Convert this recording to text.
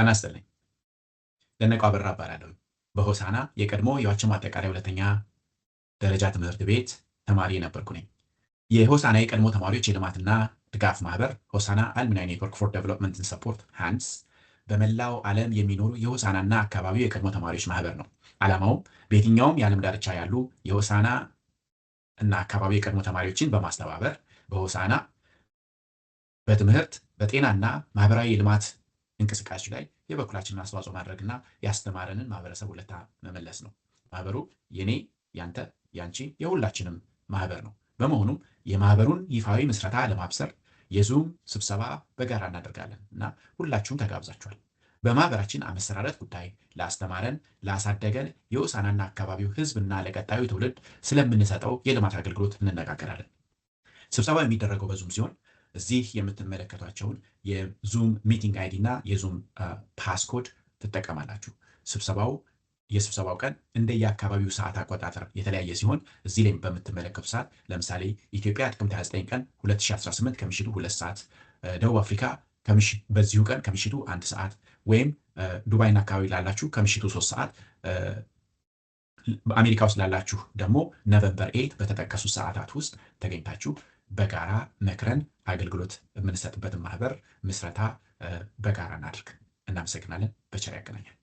ጤና ይስጥልኝ። ደነቀ አበራ እባላለሁ። በሆሳና የቀድሞ የዋቸሞ አጠቃላይ ሁለተኛ ደረጃ ትምህርት ቤት ተማሪ የነበርኩ ነኝ። የሆሳና የቀድሞ ተማሪዎች የልማትና ድጋፍ ማህበር ሆሳና አልሚናይ ኔትወርክ ፎር ዴቨሎፕመንት ሰፖርት ሃንስ በመላው ዓለም የሚኖሩ የሆሳናና አካባቢው የቀድሞ ተማሪዎች ማህበር ነው። ዓላማውም በየትኛውም የዓለም ዳርቻ ያሉ የሆሳና እና አካባቢው የቀድሞ ተማሪዎችን በማስተባበር በሆሳና በትምህርት በጤናና ማህበራዊ ልማት እንቅስቃሴ ላይ የበኩላችንን አስተዋጽኦ ማድረግና ያስተማረንን ማህበረሰብ ውለታ መመለስ ነው። ማህበሩ የኔ፣ ያንተ፣ ያንቺ የሁላችንም ማህበር ነው። በመሆኑም የማህበሩን ይፋዊ ምስረታ ለማብሰር የዙም ስብሰባ በጋራ እናደርጋለን እና ሁላችሁም ተጋብዛችኋል። በማህበራችን አመሰራረት ጉዳይ ለአስተማረን ላሳደገን የውሳናና አካባቢው ህዝብ እና ለቀጣዩ ትውልድ ስለምንሰጠው የልማት አገልግሎት እንነጋገራለን። ስብሰባው የሚደረገው በዙም ሲሆን እዚህ የምትመለከቷቸውን የዙም ሚቲንግ አይዲ እና የዙም ፓስኮድ ትጠቀማላችሁ። ስብሰባው የስብሰባው ቀን እንደየአካባቢው ሰዓት አቆጣጠር የተለያየ ሲሆን እዚህ ላይ በምትመለከቱ ሰዓት ለምሳሌ ኢትዮጵያ ጥቅምት 29 ቀን 2018 ከምሽቱ ሁለት ሰዓት፣ ደቡብ አፍሪካ በዚሁ ቀን ከምሽቱ አንድ ሰዓት ወይም ዱባይና አካባቢ ላላችሁ ከምሽቱ ሶስት ሰዓት አሜሪካ ውስጥ ላላችሁ ደግሞ ነቨምበር ኤት በተጠቀሱ ሰዓታት ውስጥ ተገኝታችሁ በጋራ መክረን አገልግሎት የምንሰጥበትን ማህበር ምስረታ በጋራ እናድርግ። እናመሰግናለን። በቸር ያገናኛል።